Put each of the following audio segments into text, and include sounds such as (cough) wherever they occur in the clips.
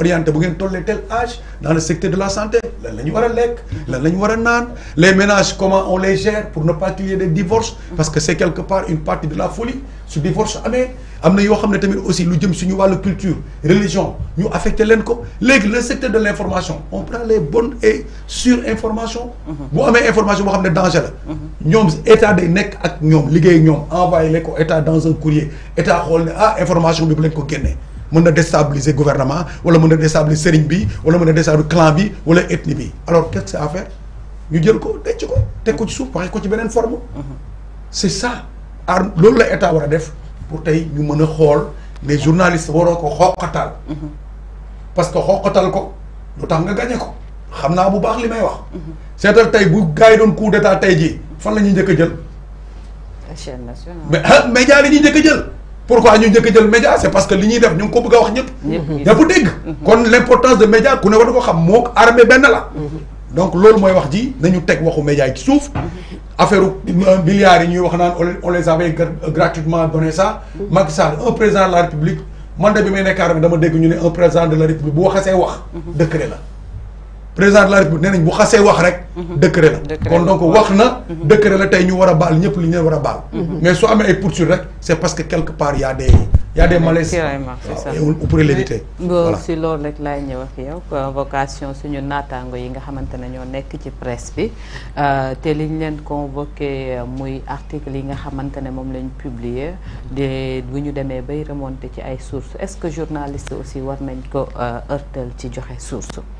orienté bu ngeen tel âge dans le secteur de la santé la les ménages comment on les gère pour ne pas qu'il y ait des divorces parce que c'est quelque part une partie de la folie ce divorce amee amna yo xamné aussi lu jëm suñu culture religion ñu affecté len ko le secteur de l'information on prend les bonnes et sur informations mhm. bu avez information informations xamné sont danger la mhm. ñom état des nek ak ñom liggéey ñom envoyé les état dans un courrier état xool ah, information bi bu len ko mëna déstabiliser gouvernement wala mëna déstabiliser sëriñ bi wala mëna déstabiliser clan bi wala ethnie bi alors qu'est-ce que c'est à faire ñu jël ko décc ko té ko ci suuf waxe ko ci benen forme mhm. c'est ça ar loolu la état war def pour tay ñu mëna xol les journalistes waroo ko xoqatal mhm. parce que xoxatal ko lutax nga gañe ko xamna bu baax limay may wax mhm. seetal tay bu gars yi doon coup d'état tay ji fan la ñuy njëkk a jël mais ah, média la ñuy njëkk jël pourquoi ñu njëkk jël média c'est parce que li ñuy def ñu ngi ko bëgg wax ñëpp. ñëpp dégg. Mhm. kon l'importance de média ku ne war na ko xam moo armée benn la. Mhm. donc loolu mooy wax ji nañu teg waxu média yi ci suuf. Mhm. affaire milliards yi ñuy wax naan on les avait gratuitement donné ça. Macky Sall un président de la République man de bi may nekk armée dama dégg ñu ne un président de la République bu waxee wax. décret la. président de la république nee bu xasee wax rek. Mhm. décret la kon donc wax na. Mhm. décret la tey ñu war a baal ñëpp li ñu war a baal. Mhm. mais su amee ay poursuites rek c' parce que quelque part y' a des y' a des malaises. et on pourrait l' éviter. voilà si loolu rek laay ñëw fi yow convocation suñu naataango yi nga xamante ne ñoo nekk ci presse bi euh, te liñ leen convoqué euh, muy article yi nga xamante ne moom lañ publier de bu ñu demee bay remonté ci ay source est ce que journaliste aussi war nañ ko euh, heurtel ci joxe source.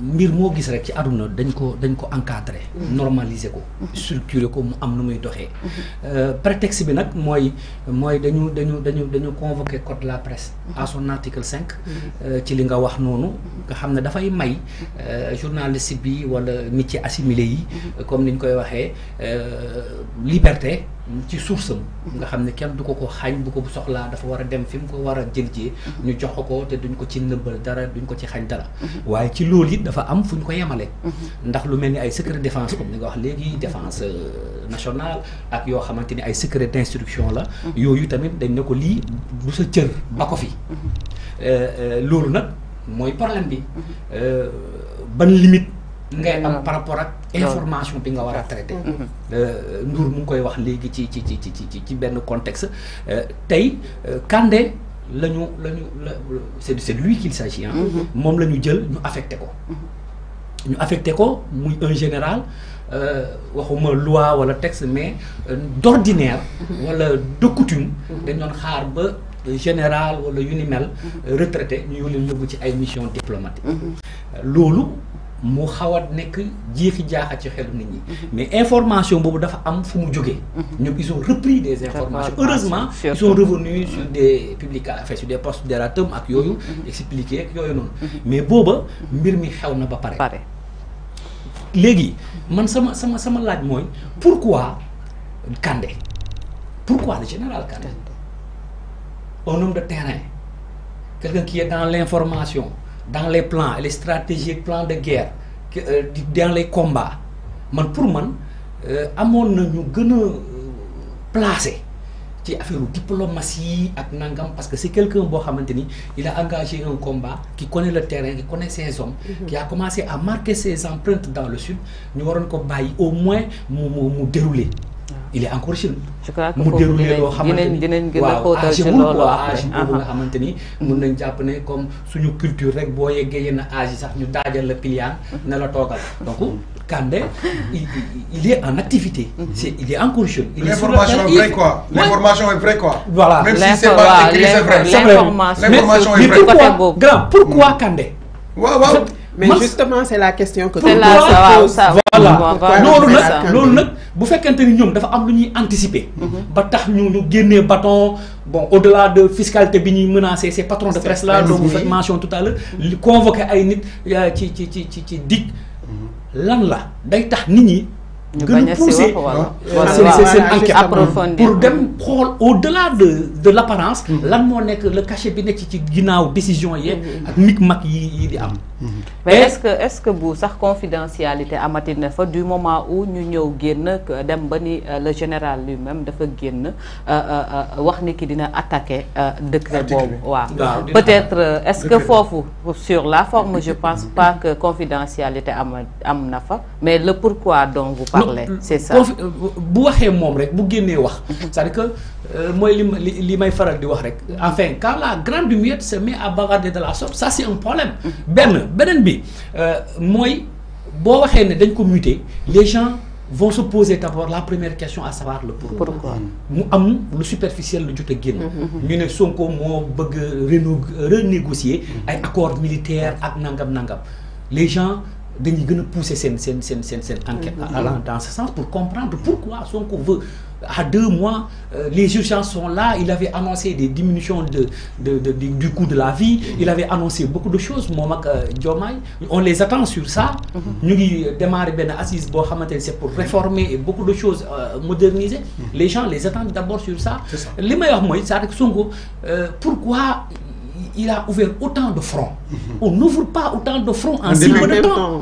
mbir mo gis rek ci aduna dañ ko dañ ko encadrer mhm. normaliser ko mhm. structurer ko mu am nu muy doxee mhm. euh, prétexte bi nak moy moy dañu dañu dañu dañu convoquer code la presse à son article cinq euh, ci li nga wax noonu nga xamné da fay may euh, journaliste bi wala métier assimilé yi comme niñ ñu koy waxee liberté ci source nga xamné ne kenn du ko ko xagn bu ko soxla dafa wara dem fim ko wara a jël ñu jox ko te duñ ko ci neubal dara duñ ko ci xagn dara waaye ci loolu dafa am fu ñu ko yemale. Mhm. ndax lu mel ni ay secret défense comme ni nga wax léegi défense euh, nationale ak yoo xamante ni ay secret d'instruction la. Mhm. yooyu tamit dañ ne ko lii du sa cër ba ko fi. Mhm. Euh, euh, loolu nag mooy problème bi ban limite. ngay am par rapport ak information bi nga war a traité. Ndour mu ngi koy wax léegi ci ci ci ci ci ci benn contexte tey Kandé. c'est lui qu'il s'agit nous hein. mm-hmm. moom nous nous jël ñu affecté ko mm-hmm. ñu affecté ko muy général euh, waxuma loi wala texte mais euh, d'ordinaire mm-hmm. wala de coutume nous doon xaar général ou un unimel retraité ñu yóbbu ci mission diplomatique euh, loolu mu xaw a nekk jiixi jaaxa ci xelu nit ñi. Mhm. mais information boobu dafa am fu mu jógee. Mhm. ñoom ils ont repris des informations heureusement ils sont revenus sur des publications sur des posts d'erratum ak yooyu. Mhm. expliqué ak yooyu noonu. mais booba mbir mi xew na ba pare. léegi man sama sama sama laaj mooy pourquoi kande pourquoi le général Kandé un homme de terrain quelqu'un qui est dans l'information. dans les plans les stratégies plans de guerre euh, dans les combats pour moi, nous na nous placer placé diplomatie nangam parce que c'est quelqu'un qui il a engagé un combat qui connaît le terrain qui connaît ses hommes mhm. qui a commencé à marquer ses empreintes dans le sud nous allons au moins déroulé. dérouler ah. il est encore jeune. je crois que il est en activité. Mhm. c'est il est encore jeune. est même si c'est pas écrit c'est vrai. est mm. mais pourquoi mais justement c'est la question que. c'est voilà lolu nak lolu nak bu fekkente ni ñom dafa am lu ñuy anticiper. ba tax ñu ñu génnee bâton bon au delà de fiscalité bi ñuy menacer ces patrons de presse là donc vous faites mention tout à l'heure convoqué ay nit ci ci ci ci ci dig lan la day tax nit ñi gën nous pousser ah. c'est une enquête pour dem au-delà de de l'apparence mm-hmm. lan moo nekk le cachet bi nekk ci ginaaw décision yé mm-hmm. ak micmac yi yi di am mm-hmm. mais est-ce que est-ce que bu sax confidentialité amati na fa du moment où ñu ñëw génn dem ba ni euh, le général lui-même dafa euh, euh, euh wax ni ki dina attaquer décret boobu wa peut-être est-ce que fofu sur la forme je (laughs) pense pas que confidentialité am am na fa mais le pourquoi donc c'est ça euh, bu mhm. c'est-à-dire que enfin quand la grande muette se met à de la sorte ça c'est un problème ben bi euh, les gens vont se poser d'abord la première question à savoir le pourquoi. pourquoi superficiel mhm, ne Sonko bëgg renégocier ay accords militaires nangam nangam les gens dañuy gën pousser dans ce sens pour comprendre pourquoi Sonko veut à deux mois euh, les urgences sont là il avait annoncé des diminutions de, du coût de la vie mm-hmm. il avait annoncé beaucoup de choses euh, on les attend sur ça mm-hmm. nous démarrer ben assise c'est pour réformer beaucoup de choses euh, moderniser mm-hmm. les gens les attendent d'abord sur ça les meilleurs moyens cest avec Sonko euh, pourquoi il a ouvert autant de fronts. Mhm. On n'ouvre pas autant de fronts en si peu de temps.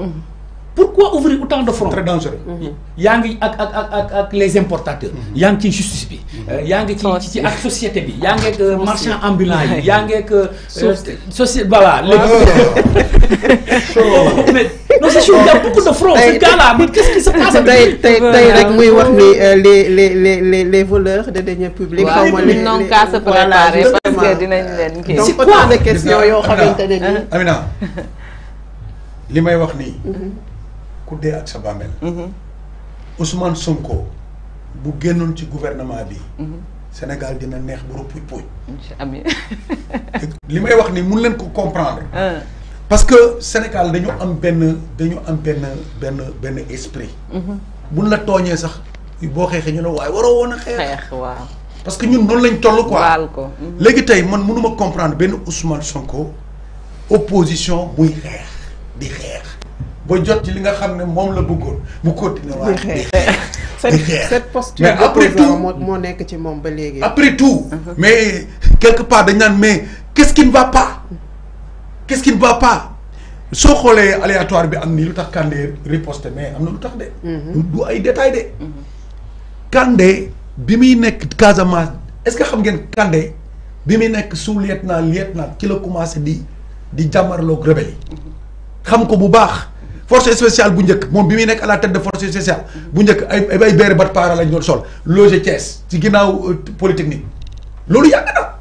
Pourquoi ouvrir autant de fronts Très dangereux. Mhm. Yangi avec les importateurs, mhm. yangi justice bi, euh, yangi ci ak société bi, Yang ak euh, marchand ambulant Yang a euh, société voilà. (laughs) il y a beaucoup de ce gars-là qu'est-ce qui se passe avec euh, les les les les voleurs de deniers publics préparer parce quoi des questions yo xamantene Amina (laughs) wax mhm. ak mhm. Ousmane Sonko bu avez ci gouvernement bi mhm. Sénégal dina neex bu wax ni comprendre (laughs) parce que Sénégal dañu am ben dañu am ben ben ben esprit. Mhm. buñ la togné sax bo xeexee ñu ne way waro wona a xeex. waaw. parce que ñun non lañ tollu quoi waal ko. Mhm. léegi tey man mënuma comprendre ben Ousmane Sonko opposition muy xeex di xeex. bo jot ci li nga xamné mom la bëggoon mu continué wa (laughs) di xeex cette posture mais après nekk ci mom ba légui après tout. Mhm. mais quelque part dañ naan mais qu'est-ce qui ne va pas. quest qui ne va pas soo xoolee aléatoire bi am ni lu tax Kandé riposte mais am na lu tax de. Mhm. du ay détail de. Mhm. Kandé bi muy nekk Casamance est-ce que xam ngeen Kandé bi muy nekk naa lieutenant lieutenant ci la commencé di di jàmmarloog rebelle yi mhm. xam ko bu baax. force spéciale bu njëkk moom bi muy nekk à la tête de force spéciale bu njëkk ay ay beere bat paara lañ sol loge Thiès ci ginnaaw euh, polytechnique loolu yàgg na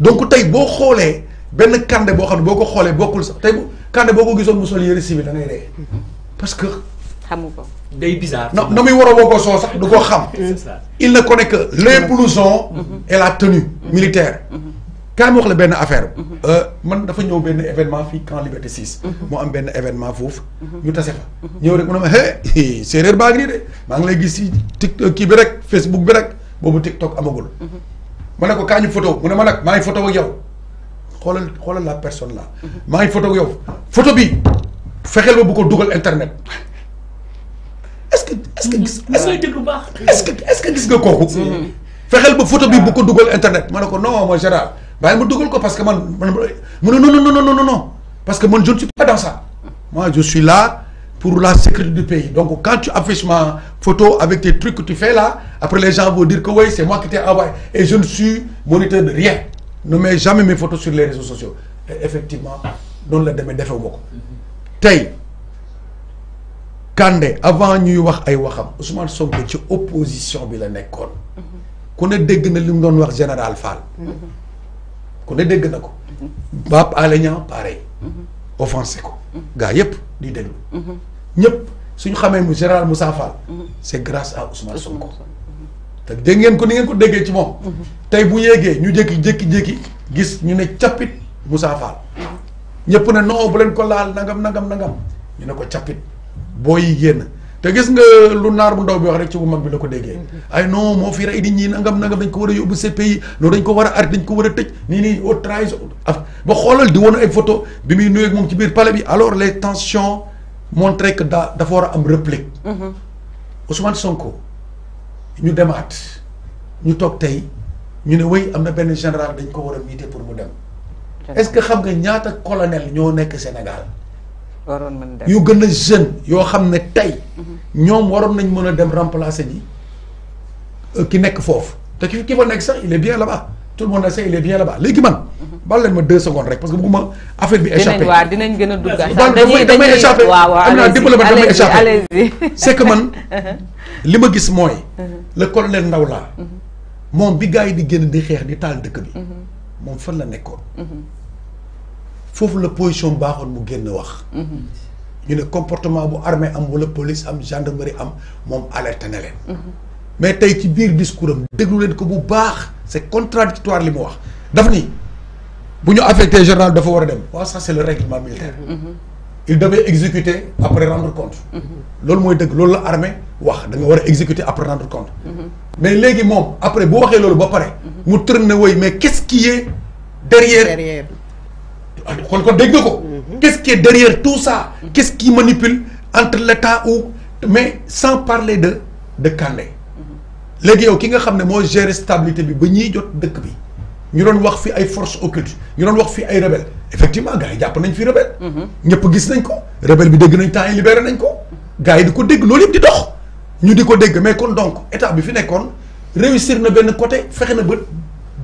donc tey boo xoolee. benn Kandé boo xam ne boo ko xoolee bokkul sax tey bu Kandé boo ko gisoon mu sol yëre civil da ngay ree mm-hmm. parce que. xamu ko day bizarre. na na muy war a woo soo sax du ko xam. il ne ko que les blousons. Mm-hmm. et la tenue mm-hmm. militaire. kaay ma wax la benn affaire. Euh, man dafa ñëw benn événement fii camp Liberté 6. moo am benn événement foofu. ñu tase fa. ñëw rek mu ne ma hey (laughs) séeréer baa ngi nii de maa ngi lay gis si tik kii bi rek Facebook bi rek boobu TikTok amagul. ma ne ko kaa ñu photo mu ma nag maa ngi Quelle xoolal la personne là. Ma photo yow photo bi fexeel ba bu ko internet est-ce que est-ce que est-ce que est-ce que gis nga kooku. fexeel ba photo bi bu ko internet non moi Gérard bàyyi ma dugal ko parce que man non non ne non non non non non parce que man je ne suis pas dans ça moi je suis là. pour la sécurité du pays. Donc quand tu affiches ma photo avec tes trucs que tu fais là, après les gens vont dire que oui, c'est moi qui t'ai envoyé. Et je ne suis moniteur de rien ne mets jamais mes photos sur les réseaux sociaux et effectivement noonu la demee defewu ma Tay, Kande, avant ñuy wax ay waxam Ousmane Sonko ci opposition bi la nekkoon ku ne dégg na li mu doon wax général Fall qu'on ne dégg na Bap Pape pareil offensé ko Gars, yépp di déglu ñépp suñu xamee mu général Moussa Fall c'est grâce à Ousmane Sonko dégg ngeen ko ni ngeen ko déggee ci moom. tey bu yéegee ñu jékki jékki jékki gis ñu ne cappit Moussa Fall. ñëpp ne non bu leen ko laal nangam nangam nangam ñu ne ko cappit boo yi génn te gis nga lu naar bu ndaw bi wax rek ci bu mag bi la ko déggee. ay non moo fi rey di ñii nangam nangam dañ ko war a yóbbu CPI loolu dañ ko war a arrêté dañ ko war a tëj nii nii au trahison ba xoolal di woon ay photo bi muy nuyoog moom ci biir palais bi alors les tension montré que daa dafa war a am réplique. Mm-hmm. Ousmane Sonko. ñu demaat ñu toog tey ñu ne wéy am na benn général dañ ko war a miite pour mu dem. est-ce que xam nga ñaata colonel ñoo nekk Sénégal. waroon mën yu gën a jeune yoo xam ne tey. Mhm. ñoom waroon nañ mën a dem remplacer nii euh, ki nekk foofu te ki ki fa nekk sax il est bien la ba tout le monde sait il est bien là-bas léegi man. bal leen ma deux secondes rek parce que bëgguma affaire bi échappé dinañ gën a dugg dañuy damay échappé am naa dimbali ma damay man (laughs) li ma gis mooy mhm. le colonel Ndaw laa mhm. moom bi gars yi di génn di xeex di taal dëkk bi mhm. moom fan la nekkoon foofu la position baaxoon mu génn wax ñu ne comportement bu armee am wala police am gendarmerie am moom alerté na leen mais tey ci biir discours am déglu leen ko bu baax c'est contradictoire li mu wax daf ni général dafa wara dem ça c'est le règlement militaire mm-hmm. Mm-hmm. il devait exécuter après rendre compte mm-hmm. loolu moy deug loolu la armée wax da exécuter après rendre compte mais les mom après bu waxé loolu ba paré mu tourner mais qu'est-ce qui est derrière kon ah, kon qu'est-ce qui est derrière tout ça qu'est-ce qui manipule entre l'État ou mais sans parler de de léegi yow ki nga xam ne moo gérer stabilité bi ba ñiy jot dëkk bi ñu doon wax fi ay force occulte ñu doon wax fi ay rebelle effectivement gars yi jàpp nañ fi rebelle mhm. ñëpp gis nañ ko rebelle bi dégg nañ temps yi libéré nañ ko gars yi di ko dégg loolu yëpp di dox ñu di ko dégg mais kon donc état bi fi nekkoon réussir na benn côté fexe na ba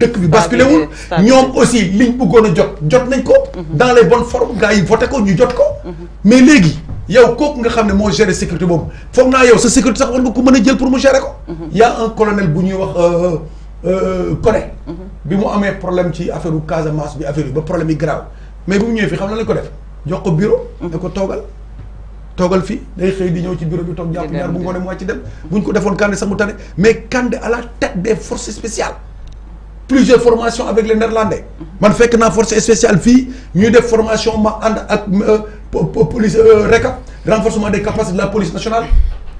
dëkk bi basculé wul ñoom aussi liñ bëggoon a jot jot nañ ko mhm. dans les bonnes formes gars yi voté ko ñu jot ko mhm. mais léegi yow kooku nga xam mo gérer sécurité boobu foog na yow sa sécurité sax war nga ko mën jël pour mu gérer ko. Mhm. y' a un colonel bu ñuy wax euh, euh, euh, Kone. Mhm. bi mu amé problème ci affaireu Casamance bi affaire yi ba problème yi grave mais bu mu ñëwee fii xam na lañ ko def jox ko bureau. Mhm. ne ko togal togal fi day xey di ñëw ci bureau bi tok jàpp ñaar bu ngone mu wàcc dem buñ ko defoon Kandé sax mu tane mais Kandé à la tête des forces spéciales plusieurs formations avec les néerlandais man fekk na force spéciale fi ñuy def formation ma and ak police récap renforcement des capacités de la police nationale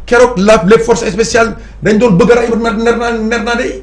keroog la les force spéciales dañ doon bëgg a rey ner naande yi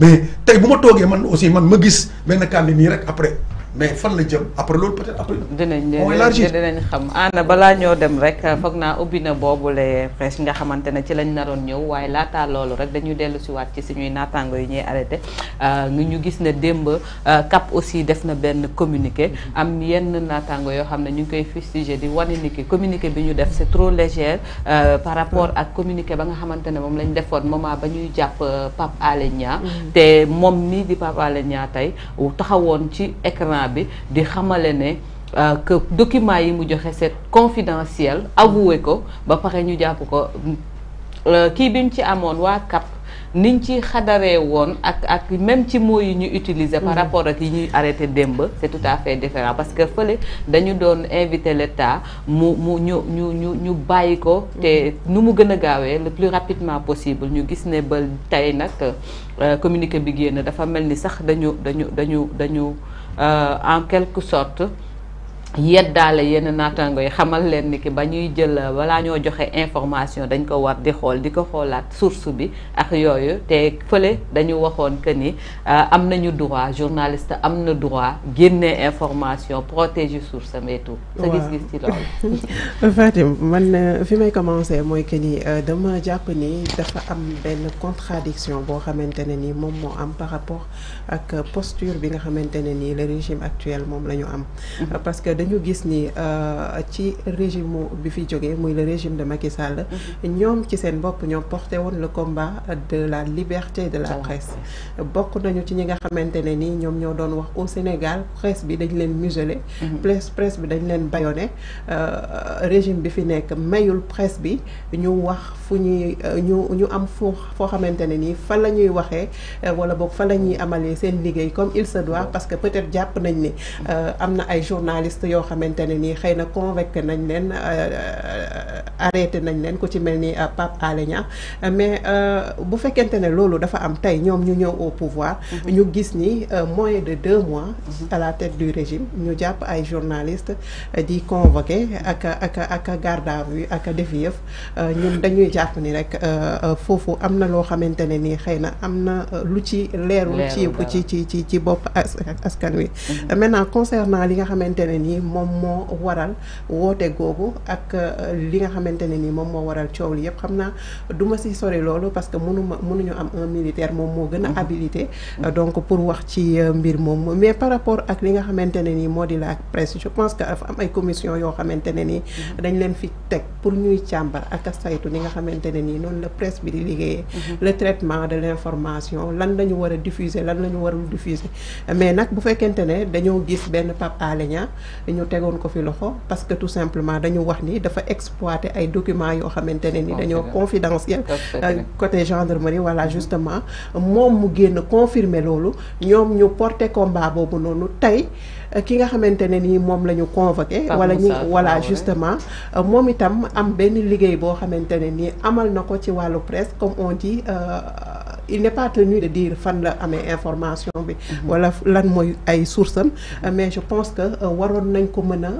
mais tey bu ma toogee man aussi man ma gis benn kàndi nii rek après mais fan la jëm après loolu peut-être après. dinañ dinañ xam ana balaa ñoo dem rek foog naa ubbi na boobu la presse nga xamante ne ci lañ naroon ñëw waaye laataa loolu rek dañuy dellu si waat ci suñuy naataango yu ñuy arrêté euh, ñu gis ne démb euh, CAP aussi def na benn communiqué am yenn naataango yoo xam ne ñu ngi koy fustigé di wane ni ki communiqué bi ñu def c'est trop légère euh, par rapport ak communiqué ba nga xamante ne moom lañ defoon moment ba ñuy jàpp Pape Alé Niang mm-hmm. te moom nii di Pape taxawoon ci de bi di euh, que document yi mu recettes c'est confidentiel avoué ko ba pare ñu japp ko euh, ci amone CAP niñ ci xadaré woon ak ak même ci mots yi ñu utiliser par mm. rapport ak qui ñuy arrêté demb c'est tout à fait différent parce que feulé dañu doon invité l'État mu mu ñu ñu ñu ñu nous ko mm. nu mu le plus rapidement possible ñu gis né ba tey nag euh, communiqué bi génn dafa melni sax dañu dañu dañu dañu euh, en quelque sorte yeddale yenn natango yi xamal len ni ki ba jël wala ñoo joxe information dañ ko war di xol di ko xoolaat source bi ak yoyu té feulé dañu waxoon que ni euh, am nañu droit journaliste amna droit génne information protéger source am et tout. sa gis-gis ci loolu. (laughs) Fatim man euh, fi may commencé moy que ni euh, dama japp ni dafa am ben contradiction bo xamantene ni mom mo am par rapport ak posture bi nga xamantene ni le régime actuel mom lañu am. Mm-hmm. parce que dañu gis ni euh, ci régime bi fi le régime de Macky Sall. Mhm. ñoom ci porté le combat de la liberté de la presse. bokk nañu ci ñi nga ni au Sénégal presse bi dañ mhm. presse presse bi euh, régime bi fi mayul presse bi ñu wax fu euh, ñu ñu am la la comme il se doit parce que peut-être jàpp nañ ni journalistes yo xamantene euh, euh, ni xeyna xëy nañ len euh arrêter nañ len ko ci melni Pape Alé mais euh bu fekkente ne loolu dafa am tay ñom ñu ñew au pouvoir mhm. ñu gis ni euh, moins de deux mois mhm. à la tête du régime ñu japp ay journalistes di convoquer ak ak ak garde à vue ak def yëf ñun dañuy japp ni rek euh fofu amna lo xamantene ni xeyna amna lu ci leerul ci ci ci ci bop askan wi mhm. maintenant concernant li nga xamantene ni moom waral wote gogo ak euh, li nga xamante ni waral coow li yëpp ma si parce que mon mënuñu am un militaire mon mot mhm. habilité euh, donc pour voir ci euh, mbir moom mais par rapport ak li nga xamante ni la presse je pense que dafa commission yoo xamante ne mhm. dañ leen fi pour ñuy chambre ak saytu li nga xamante ne non la presse bi di mhm. le traitement de l'information lan de war a diffuser lan la ñu diffuser mais nag bu fekkente ne dañoo gis ben Pape ñu tegoon ko fi parce que tout simplement dañu wax ni dafa exploiter ay documents yoo xamante ne ni confidentiel euh, côté gendarmerie voilà mm-hmm. justement moom mu génn confirmer l'eau ñoom ñu porter combat pour nous tey euh, ki nga xamante ne nii moom convoqué wala voilà justement euh, mom itam am benn liguey bo xamante amal na ci walu presse comme on dit il n'est pas tenu de dire fan la amé information bi wala lan moy ay source mm-hmm. mais je pense que euh, waron nañ ko meuna